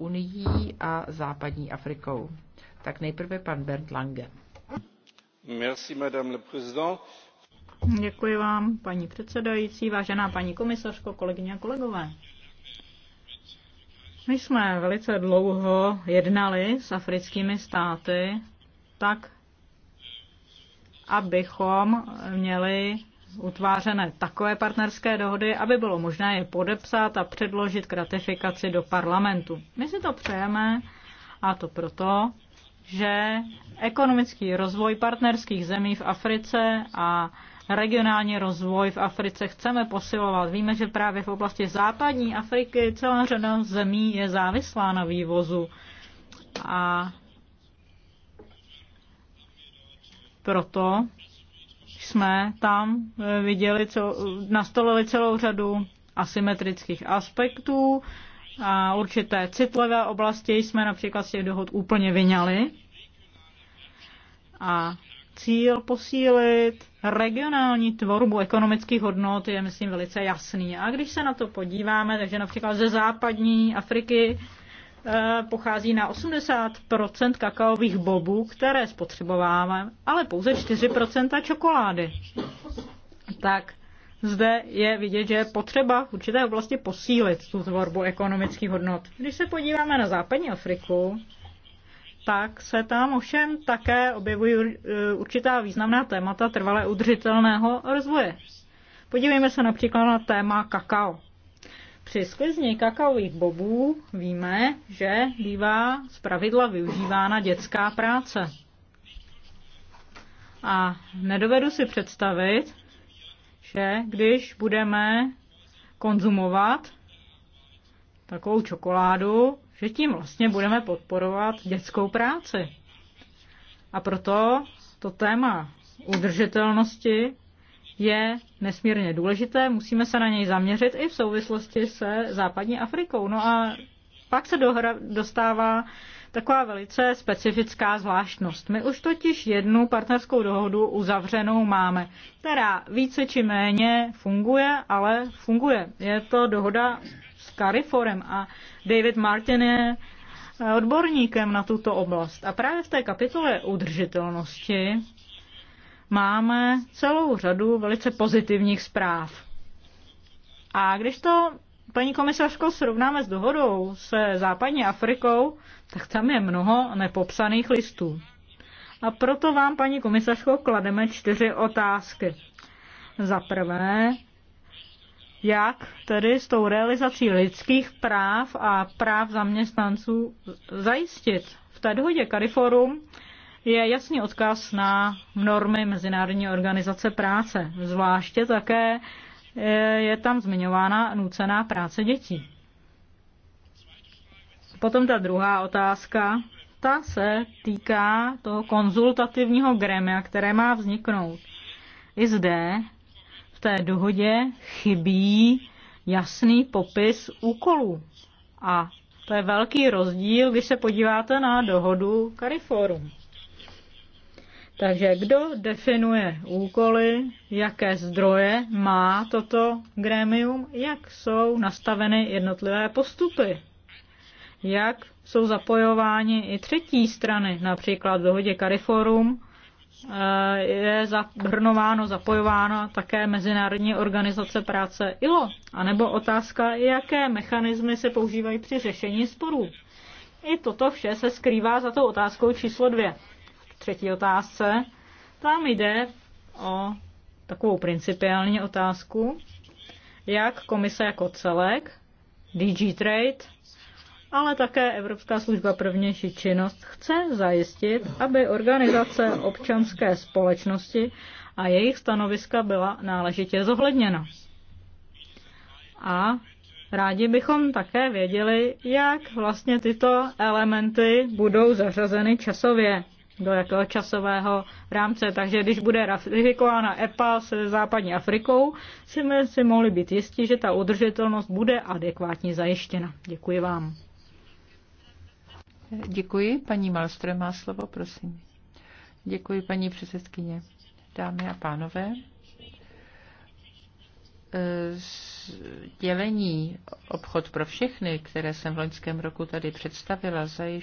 unií a západní Afrikou. Tak nejprve pan Bernd Lange. Merci, madame le président. Děkuji vám, paní předsedající, vážená paní komisařko, kolegyně a kolegové. My jsme velice dlouho jednali s africkými státy tak, abychom měli utvářené takové partnerské dohody, aby bylo možné je podepsat a předložit k ratifikaci do parlamentu. My si to přejeme a to proto, že ekonomický rozvoj partnerských zemí v Africe a regionální rozvoj v Africe chceme posilovat. Víme, že právě v oblasti západní Afriky celá řada zemí je závislá na vývozu. A proto jsme tam eh, viděli, co, nastolili celou řadu asymetrických aspektů a určité citlivé oblasti jsme například z těch dohod úplně vyňali. A cíl posílit regionální tvorbu ekonomických hodnot je, myslím, velice jasný. A když se na to podíváme, takže například ze západní Afriky Eh, pochází na 80 kakaových bobů, které spotřebováváme, ale pouze 4 čokolády. Tak zde je vidět, že je potřeba v určité oblasti posílit tu tvorbu ekonomických hodnot. Když se podíváme na západní Afriku, tak se tam ovšem také objevují eh, určitá významná témata trvalé udržitelného rozvoje. Podívejme se například na téma kakao. Při sklizni kakaových bobů víme, že bývá pravidla využívána dětská práce. A nedovedu si představit, že když budeme konzumovat takovou čokoládu, že tím vlastně budeme podporovat dětskou práci. A proto to téma udržitelnosti je nesmírně důležité, musíme se na něj zaměřit i v souvislosti se západní Afrikou. No a pak se dohra, dostává taková velice specifická zvláštnost. My už totiž jednu partnerskou dohodu uzavřenou máme, která více či méně funguje, ale funguje. Je to dohoda s Cariforem a David Martin je eh, odborníkem na tuto oblast. A právě v té kapitole udržitelnosti máme celou řadu velice pozitivních zpráv. A když to, paní komisařko, srovnáme s dohodou se západní Afrikou, tak tam je mnoho nepopsaných listů. A proto vám, paní komisařko, klademe čtyři otázky. Za prvé, jak tedy s tou realizací lidských práv a práv zaměstnanců zajistit? V té dohodě Cariforum je jasný odkaz na normy Mezinárodní organizace práce. Zvláště také eh, je tam zmiňována nucená práce dětí. Potom ta druhá otázka, ta se týká toho konzultativního gremia, které má vzniknout. I zde v té dohodě chybí jasný popis úkolů. A to je velký rozdíl, když se podíváte na dohodu Cariforum. Takže kdo definuje úkoly, jaké zdroje má toto grémium, jak jsou nastaveny jednotlivé postupy, jak jsou zapojováni i třetí strany, například v dohodě Cariforum eh, je zahrnováno, zapojováno také Mezinárodní organizace práce ILO, anebo otázka, jaké mechanismy se používají při řešení sporů. I toto vše se skrývá za tou otázkou číslo dvě třetí otázce. Tam jde o takovou principiální otázku, jak komise jako celek, DG Trade, ale také Evropská služba prvnější činnost chce zajistit, aby organizace občanské společnosti a jejich stanoviska byla náležitě zohledněna. A rádi bychom také věděli, jak vlastně tyto elementy budou zařazeny časově do jakého časového rámce. Takže když bude ratifikována EPA se západní Afrikou, jsme si mohli být jistí, že ta udržitelnost bude adekvátně zajištěna. Děkuji vám. Děkuji. Paní Malstrem má slovo, prosím. Děkuji, paní předsedkyně. Dámy a pánové, dělení Obchod pro všechny, které jsem v loňském roku tady představila, eh,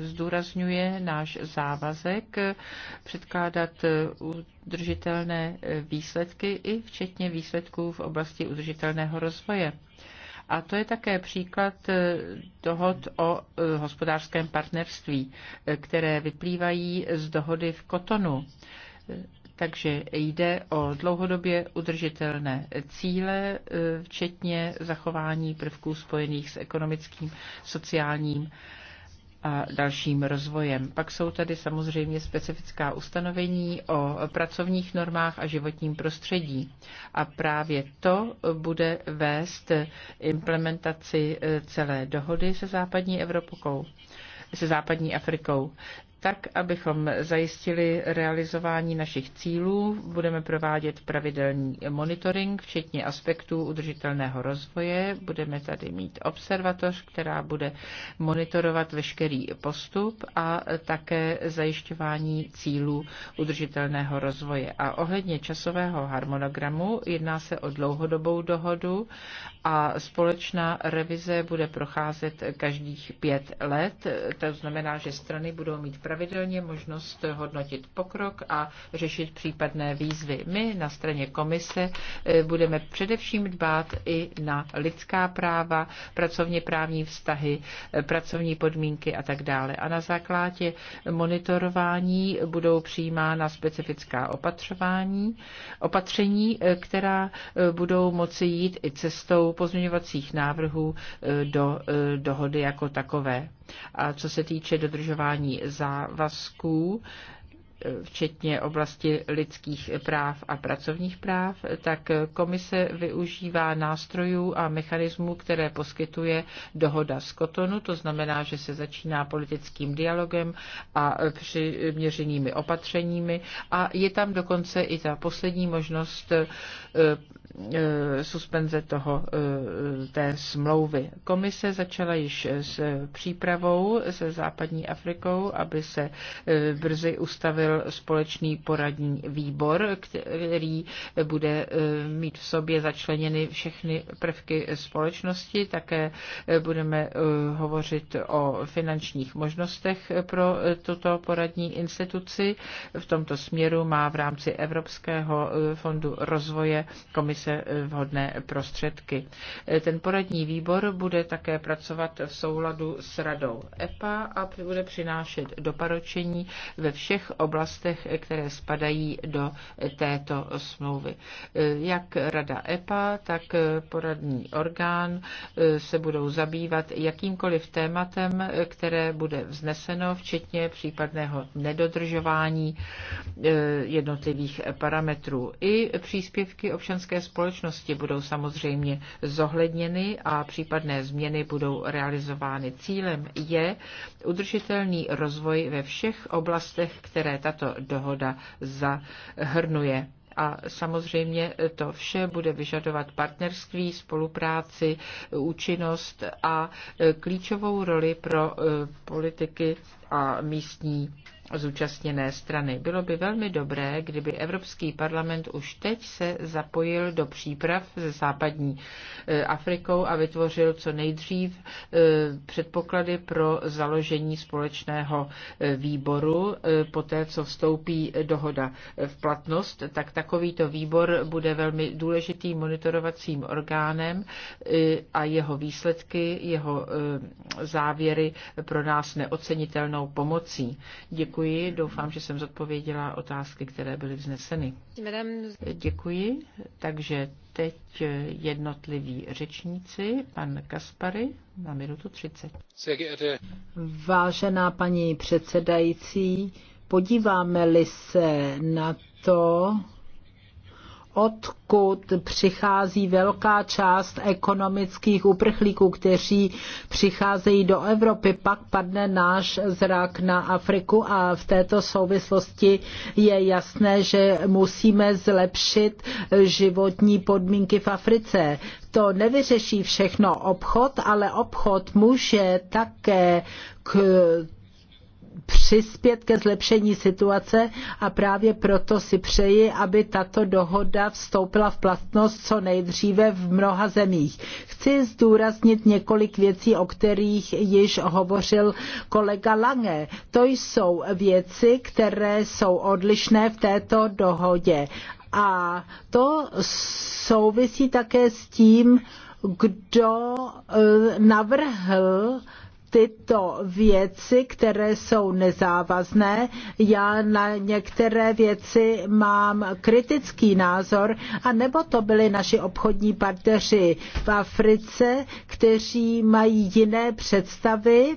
zdůrazňuje náš závazek předkládat eh, udržitelné eh, výsledky i včetně výsledků v oblasti udržitelného rozvoje. A to je také příklad dohod o hospodářském partnerství, které vyplývají z dohody v Kotonu takže jde o dlouhodobě udržitelné cíle, e, včetně zachování prvků spojených s ekonomickým, sociálním a dalším rozvojem. Pak jsou tady samozřejmě specifická ustanovení o pracovních normách a životním prostředí. A právě to bude vést implementaci e, celé dohody se západní Evropou se západní Afrikou tak, abychom zajistili realizování našich cílů, budeme provádět pravidelný monitoring, včetně aspektů udržitelného rozvoje. Budeme tady mít observatoř, která bude monitorovat veškerý postup a také zajišťování cílů udržitelného rozvoje. A ohledně časového harmonogramu jedná se o dlouhodobou dohodu a společná revize bude procházet každých pět let. To znamená, že strany budou mít právo pravidelně možnost hodnotit pokrok a řešit případné výzvy. My na straně komise eh, budeme především dbát i na lidská práva, pracovně právní vztahy, eh, pracovní podmínky a tak dále. A na základě monitorování budou přijímána specifická opatřování, opatření, eh, která budou moci jít i cestou pozměňovacích návrhů do dohody jako takové. A co se týče dodržování zá Vasku včetně oblasti lidských práv a pracovních práv, tak komise využívá nástrojů a mechanismů, které poskytuje dohoda z Kotonu, to znamená, že se začíná politickým dialogem a přiměřenými opatřeními a je tam dokonce i ta poslední možnost eh, eh, suspenze toho, eh, té smlouvy. Komise začala již s přípravou se západní Afrikou, aby se brzy ustavil vytvořil společný poradní výbor, který bude eh, mít v sobě začleněny všechny prvky společnosti. Také eh, budeme eh, hovořit o finančních možnostech pro tuto poradní instituci. V tomto směru má v rámci Evropského fondu rozvoje komise vhodné prostředky. Ten poradní výbor bude také pracovat v souladu s radou EPA a bude přinášet doparočení ve všech oblastech oblastech, které spadají do této smlouvy. Jak Rada EPA, tak poradní orgán eh, se budou zabývat jakýmkoliv tématem, které bude vzneseno, včetně případného nedodržování eh, jednotlivých parametrů. I příspěvky občanské společnosti budou samozřejmě zohledněny a případné změny budou realizovány. Cílem je udržitelný rozvoj ve všech oblastech, které tato tato dohoda zahrnuje. A samozřejmě to vše bude vyžadovat partnerství, spolupráci, účinnost a klíčovou roli pro eh, politiky a místní zúčastněné strany. Bylo by velmi dobré, kdyby Evropský parlament už teď se zapojil do příprav se západní e, Afrikou a vytvořil co nejdřív e, předpoklady pro založení společného e, výboru. Poté, co vstoupí dohoda v platnost, tak takovýto výbor bude velmi důležitým monitorovacím orgánem a jeho výsledky, jeho závěry pro nás neocenitelnou vzájemnou pomocí. Děkuji, doufám, že jsem zodpověděla otázky, které byly vzneseny. Děkuji, takže teď jednotliví řečníci. Pan Kaspary na minutu 30. Vážená paní předsedající, podíváme-li se na to, odkud přichází velká část ekonomických uprchlíků, kteří přicházejí do Evropy, pak padne náš zrak na Afriku a v této souvislosti je jasné, že musíme zlepšit životní podmínky v Africe. To nevyřeší všechno obchod, ale obchod může také k přispět ke zlepšení situace a právě proto si přeji, aby tato dohoda vstoupila v platnost co nejdříve v mnoha zemích. Chci zdůraznit několik věcí, o kterých již hovořil kolega Lange. To jsou věci, které jsou odlišné v této dohodě. A to souvisí také s tím, kdo eh, navrhl tyto věci, které jsou nezávazné. Já na některé věci mám kritický názor, a nebo to byli naši obchodní partneři v Africe, kteří mají jiné představy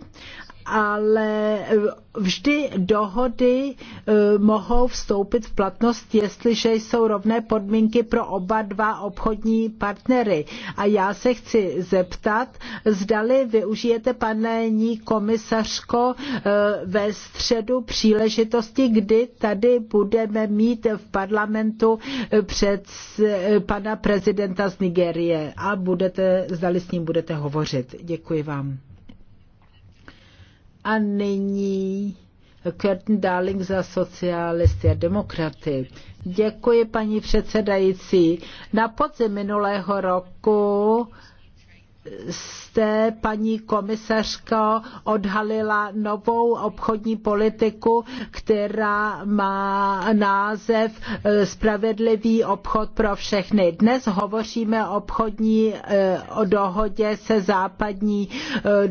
ale eh, vždy dohody eh, mohou vstoupit v platnost, jestliže jsou rovné podmínky pro oba dva obchodní partnery. A já se chci zeptat, zdali využijete, paní komisařko, eh, ve středu příležitosti, kdy tady budeme mít v parlamentu před pana prezidenta z Nigérie a budete, zdali s ním budete hovořit. Děkuji vám. A nyní Curtin Darling za socialisty a demokraty. Děkuji, paní předsedající. Na podzim minulého roku jste, paní komisařko, odhalila novou obchodní politiku, která má název eh, Spravedlivý obchod pro všechny. Dnes hovoříme o obchodní eh, o dohodě se západní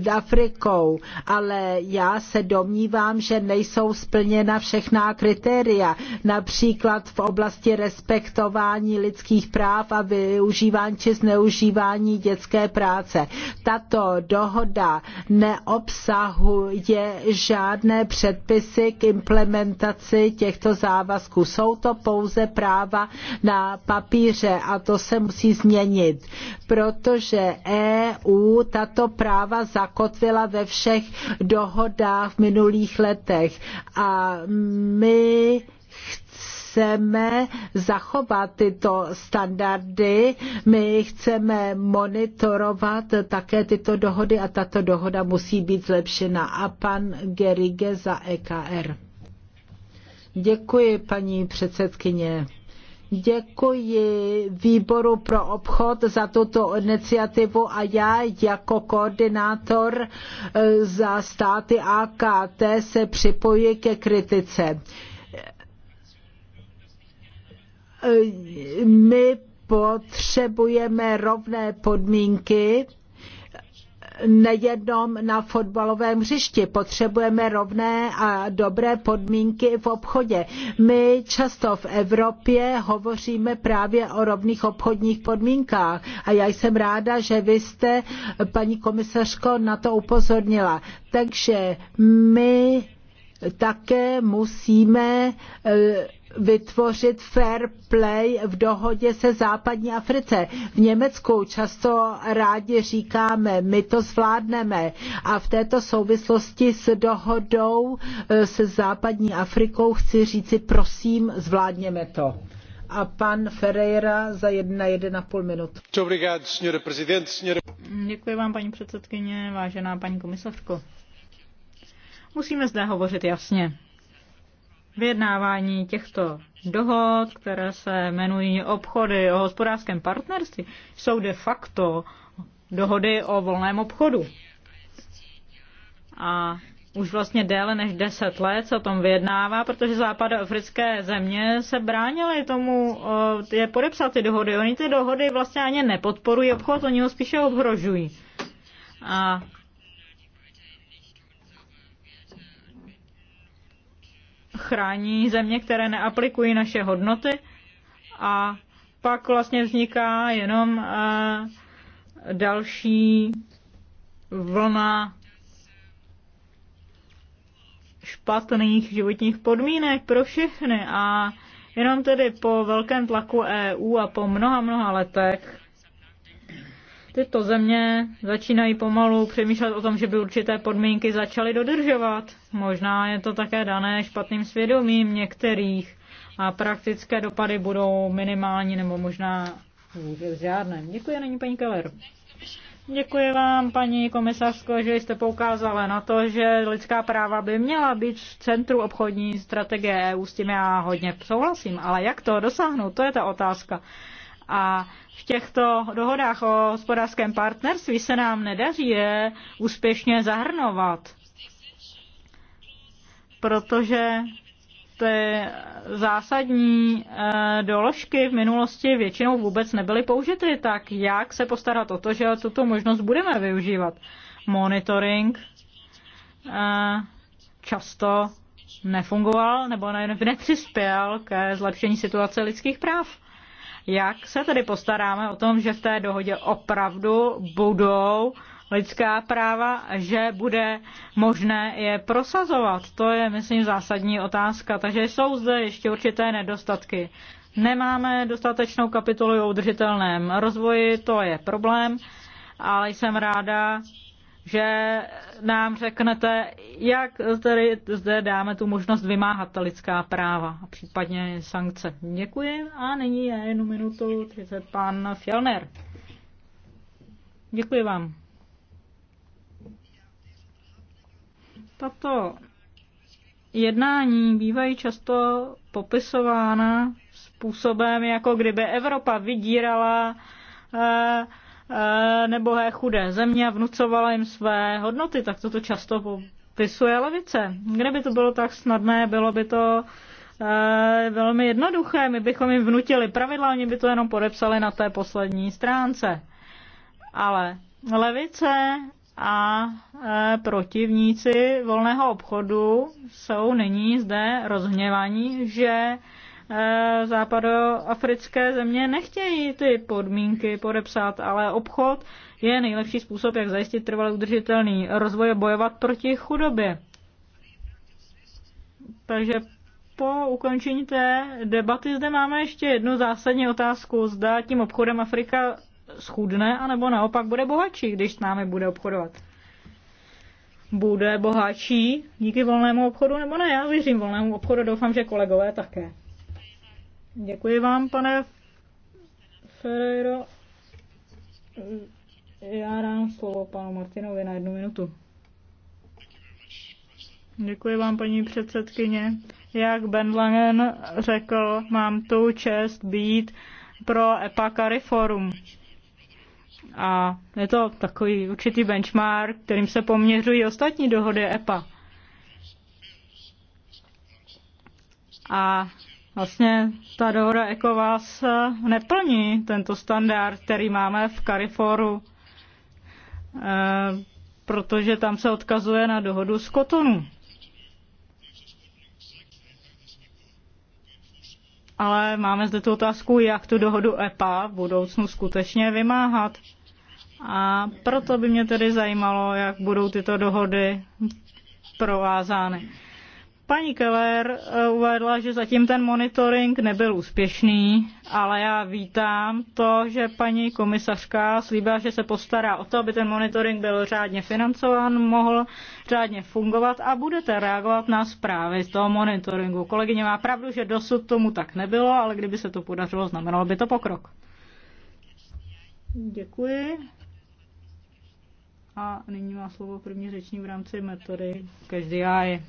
eh, Afrikou, ale já se domnívám, že nejsou splněna všechná kritéria, například v oblasti respektování lidských práv a využívání či zneužívání dětské práce situace. Tato dohoda neobsahuje žádné předpisy k implementaci těchto závazků. Jsou to pouze práva na papíře a to se musí změnit, protože EU tato práva zakotvila ve všech dohodách v minulých letech a my chceme zachovat tyto standardy, my chceme monitorovat také tyto dohody a tato dohoda musí být zlepšena. A pan Gerige za EKR. Děkuji, paní předsedkyně. Děkuji výboru pro obchod za tuto iniciativu a já jako koordinátor eh, za státy AKT se připojuji ke kritice my potřebujeme rovné podmínky nejenom na fotbalovém hřišti. Potřebujeme rovné a dobré podmínky v obchodě. My často v Evropě hovoříme právě o rovných obchodních podmínkách a já jsem ráda, že vy jste, paní komisařko, na to upozornila. Takže my také musíme eh, vytvořit fair play v dohodě se západní Africe. V Německu často rádi říkáme, my to zvládneme a v této souvislosti s dohodou e, se západní Afrikou chci říci, prosím, zvládněme to. A pan Ferreira za jedna, jeden a půl minut. Děkuji vám, paní předsedkyně, vážená paní komisařko. Musíme zde hovořit jasně vyjednávání těchto dohod, které se jmenují obchody o hospodářském partnerství, jsou de facto dohody o volném obchodu. A už vlastně déle než deset let se o tom vyjednává, protože západoafrické země se bránily tomu eh, je podepsat ty dohody. Oni ty dohody vlastně ani nepodporují obchod, oni ho spíše obhrožují. A chrání země, které neaplikují naše hodnoty a pak vlastně vzniká jenom eh, další vlna špatných životních podmínek pro všechny a jenom tedy po velkém tlaku EU a po mnoha, mnoha letech Tyto země začínají pomalu přemýšlet o tom, že by určité podmínky začaly dodržovat. Možná je to také dané špatným svědomím některých a praktické dopady budou minimální nebo možná vůbec žádné. Děkuji, není paní Keller. Děkuji vám, paní komisařko, že jste poukázala na to, že lidská práva by měla být v centru obchodní strategie EU. S tím já hodně souhlasím, ale jak to dosáhnout, to je ta otázka. A v těchto dohodách o hospodářském partnerství se nám nedaří je úspěšně zahrnovat, protože ty zásadní eh, doložky v minulosti většinou vůbec nebyly použity, tak jak se postarat o to, že tuto možnost budeme využívat. Monitoring eh, často nefungoval nebo nepřispěl ke zlepšení situace lidských práv. Jak se tedy postaráme o tom, že v té dohodě opravdu budou lidská práva, že bude možné je prosazovat? To je, myslím, zásadní otázka. Takže jsou zde ještě určité nedostatky. Nemáme dostatečnou kapitolu o udržitelném rozvoji, to je problém, ale jsem ráda, že nám řeknete, jak tedy zde dáme tu možnost vymáhat ta lidská práva a případně sankce. Děkuji a nyní je jednu minutu 30 pan Fjellner. Děkuji vám. Tato jednání bývají často popisována způsobem, jako kdyby Evropa vydírala eh, Eh, nebohé chudé země a vnucovala jim své hodnoty, tak toto často popisuje levice. Kdyby to bylo tak snadné, bylo by to eh, velmi jednoduché. My bychom jim vnutili pravidla, oni by to jenom podepsali na té poslední stránce. Ale levice a eh, protivníci volného obchodu jsou nyní zde rozhněvaní, že Eh, západoafrické země nechtějí ty podmínky podepsat, ale obchod je nejlepší způsob, jak zajistit trvalý udržitelný rozvoj a bojovat proti chudobě. Takže po ukončení té debaty zde máme ještě jednu zásadní otázku. Zda tím obchodem Afrika schudne, anebo naopak bude bohatší, když s námi bude obchodovat. Bude bohatší díky volnému obchodu, nebo ne? Já věřím volnému obchodu, doufám, že kolegové také. Děkuji vám, pane Ferreiro. Já dám slovo panu Martinovi na jednu minutu. Děkuji vám, paní předsedkyně. Jak Ben Langen řekl, mám tu čest být pro EPACARI Forum. A je to takový určitý benchmark, kterým se poměřují ostatní dohody EPA. A Vlastně ta dohoda ECOWAS neplní tento standard, který máme v Cariforu, eh, protože tam se odkazuje na dohodu z Kotonu. Ale máme zde tu otázku, jak tu dohodu EPA v budoucnu skutečně vymáhat. A proto by mě tedy zajímalo, jak budou tyto dohody provázány. Paní Keller eh, uvedla, že zatím ten monitoring nebyl úspěšný, ale já vítám to, že paní komisařka slíbila, že se postará o to, aby ten monitoring byl řádně financován, mohl řádně fungovat a budete reagovat na zprávy z toho monitoringu. Kolegyně má pravdu, že dosud tomu tak nebylo, ale kdyby se to podařilo, znamenalo by to pokrok. Děkuji. A nyní má slovo první řeční v rámci metody každý AI.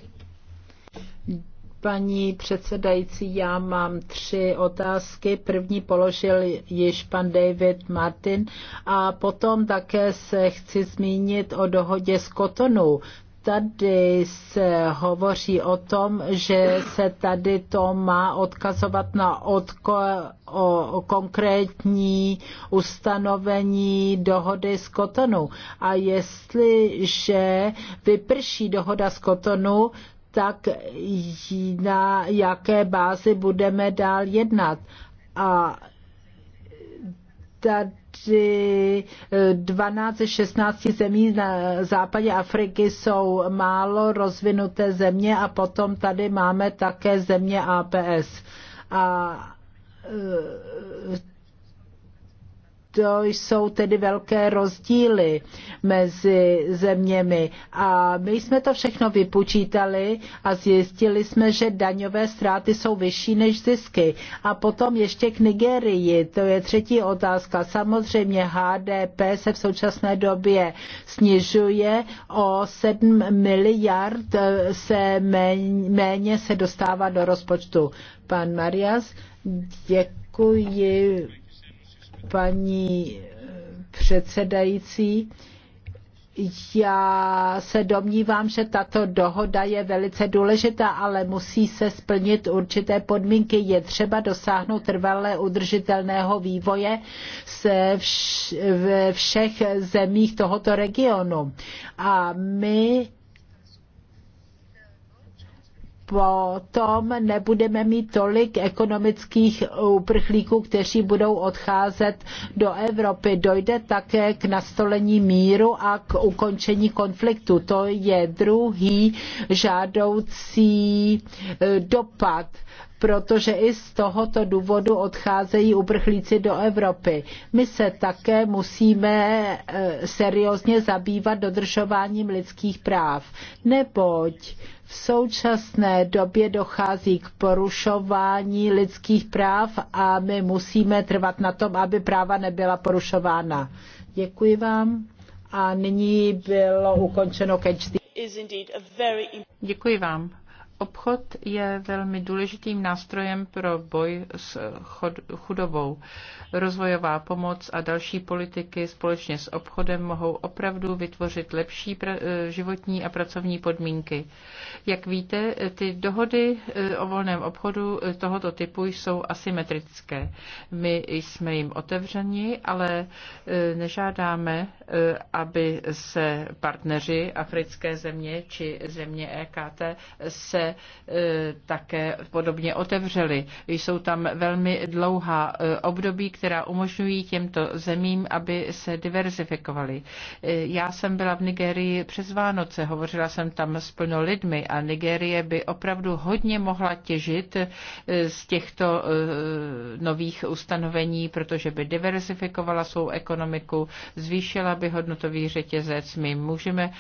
Paní předsedající, já mám tři otázky. První položil již pan David Martin a potom také se chci zmínit o dohodě s Kotonou tady se hovoří o tom, že se tady to má odkazovat na odko, o, konkrétní ustanovení dohody z Kotonu. A jestliže vyprší dohoda z Kotonu, tak na jaké bázi budeme dál jednat. A tady 12 ze 16 zemí na západě Afriky jsou málo rozvinuté země a potom tady máme také země APS. A to jsou tedy velké rozdíly mezi zeměmi. A my jsme to všechno vypočítali a zjistili jsme, že daňové ztráty jsou vyšší než zisky. A potom ještě k Nigerii, to je třetí otázka. Samozřejmě HDP se v současné době snižuje o 7 miliard, eh, se méně se dostává do rozpočtu. Pan Marias, děkuji paní eh, předsedající. Já se domnívám, že tato dohoda je velice důležitá, ale musí se splnit určité podmínky. Je třeba dosáhnout trvalé udržitelného vývoje se vš- ve všech zemích tohoto regionu. A my potom nebudeme mít tolik ekonomických uprchlíků, kteří budou odcházet do Evropy. Dojde také k nastolení míru a k ukončení konfliktu. To je druhý žádoucí eh, dopad protože i z tohoto důvodu odcházejí uprchlíci do Evropy. My se také musíme eh, seriózně zabývat dodržováním lidských práv, neboť v současné době dochází k porušování lidských práv a my musíme trvat na tom, aby práva nebyla porušována. Děkuji vám a nyní bylo ukončeno catch. Děkuji vám. Obchod je velmi důležitým nástrojem pro boj s chudobou. Rozvojová pomoc a další politiky společně s obchodem mohou opravdu vytvořit lepší eh, životní a pracovní podmínky. Jak víte, ty dohody eh, o volném obchodu eh, tohoto typu jsou asymetrické. My jsme jim otevřeni, ale nežádáme, aby se partneři africké země či země EKT se E, také podobně otevřely. Jsou tam velmi dlouhá e, období, která umožňují těmto zemím, aby se diverzifikovaly. E, já jsem byla v Nigerii přes Vánoce, hovořila jsem tam s plno lidmi a Nigérie by opravdu hodně mohla těžit z těchto nových ustanovení, protože by diverzifikovala svou ekonomiku, zvýšila by hodnotový řetězec. My můžeme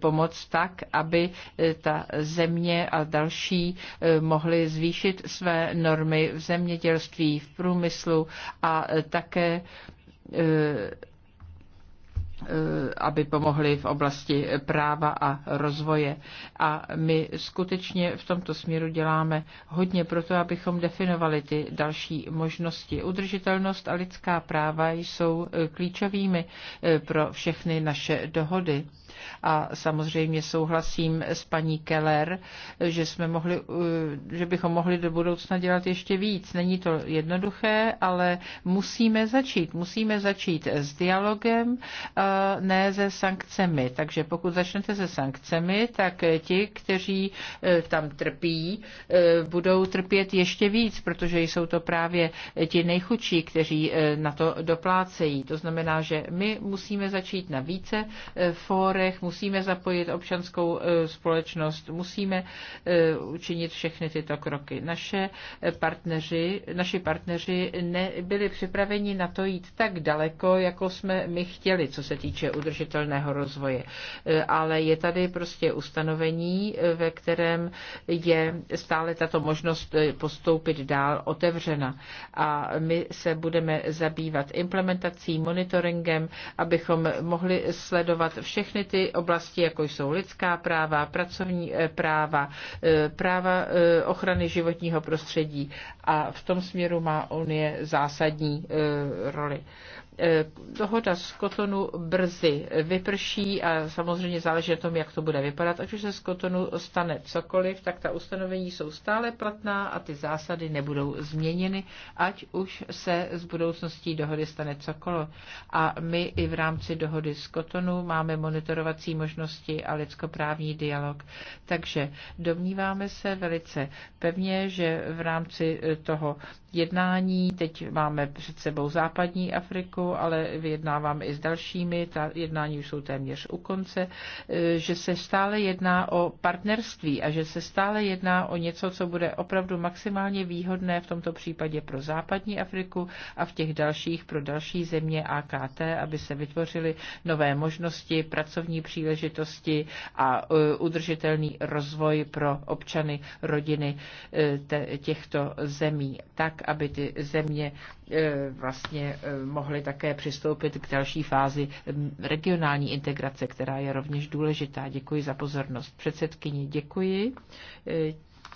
pomoct tak, aby ta země a další eh, mohli zvýšit své normy v zemědělství, v průmyslu a eh, také eh, aby pomohli v oblasti práva a rozvoje. A my skutečně v tomto směru děláme hodně pro to, abychom definovali ty další možnosti. Udržitelnost a lidská práva jsou klíčovými pro všechny naše dohody. A samozřejmě souhlasím s paní Keller, že, jsme mohli, uh, že bychom mohli do budoucna dělat ještě víc. Není to jednoduché, ale musíme začít. Musíme začít s dialogem, uh, ne se sankcemi. Takže pokud začnete se sankcemi, tak ti, kteří uh, tam trpí, budou trpět ještě víc, protože jsou to právě ti nejchudší, kteří na to doplácejí. To znamená, že my musíme začít na více fórech, regionech, musíme zapojit občanskou e, společnost, musíme e, učinit všechny tyto kroky. Naše partneři, naši partneři nebyli připraveni na to jít tak daleko, jako jsme my chtěli, co se týče udržitelného rozvoje. E, ale je tady prostě ustanovení, ve kterém je stále tato možnost postoupit dál otevřena. A my se budeme zabývat implementací, monitoringem, abychom mohli sledovat všechny ty oblasti, jako jsou lidská práva, pracovní eh, práva, eh, práva eh, ochrany životního prostředí. A v tom směru má Unie zásadní roli. Eh, dohoda z Kotonu brzy vyprší a samozřejmě záleží na tom, jak to bude vypadat. Ať už se z Kotonu stane cokoliv, tak ta ustanovení jsou stále platná a ty zásady nebudou změněny, ať už se z budoucností dohody stane cokoliv. A my i v rámci dohody z Kotonu máme monitorovací možnosti a lidskoprávní dialog. Takže domníváme se velice pevně, že v rámci toho jednání, teď máme před sebou západní Afriku, ale vyjednávám i s dalšími, ta jednání už jsou téměř u konce, e, že se stále jedná o partnerství a že se stále jedná o něco, co bude opravdu maximálně výhodné v tomto případě pro západní Afriku a v těch dalších pro další země AKT, aby se vytvořily nové možnosti, pracovní příležitosti a e, udržitelný rozvoj pro občany, rodiny e, těchto zemí, tak, aby ty země vlastně mohly tak také přistoupit k další fázi regionální integrace, která je rovněž důležitá. Děkuji za pozornost. Předsedkyni děkuji.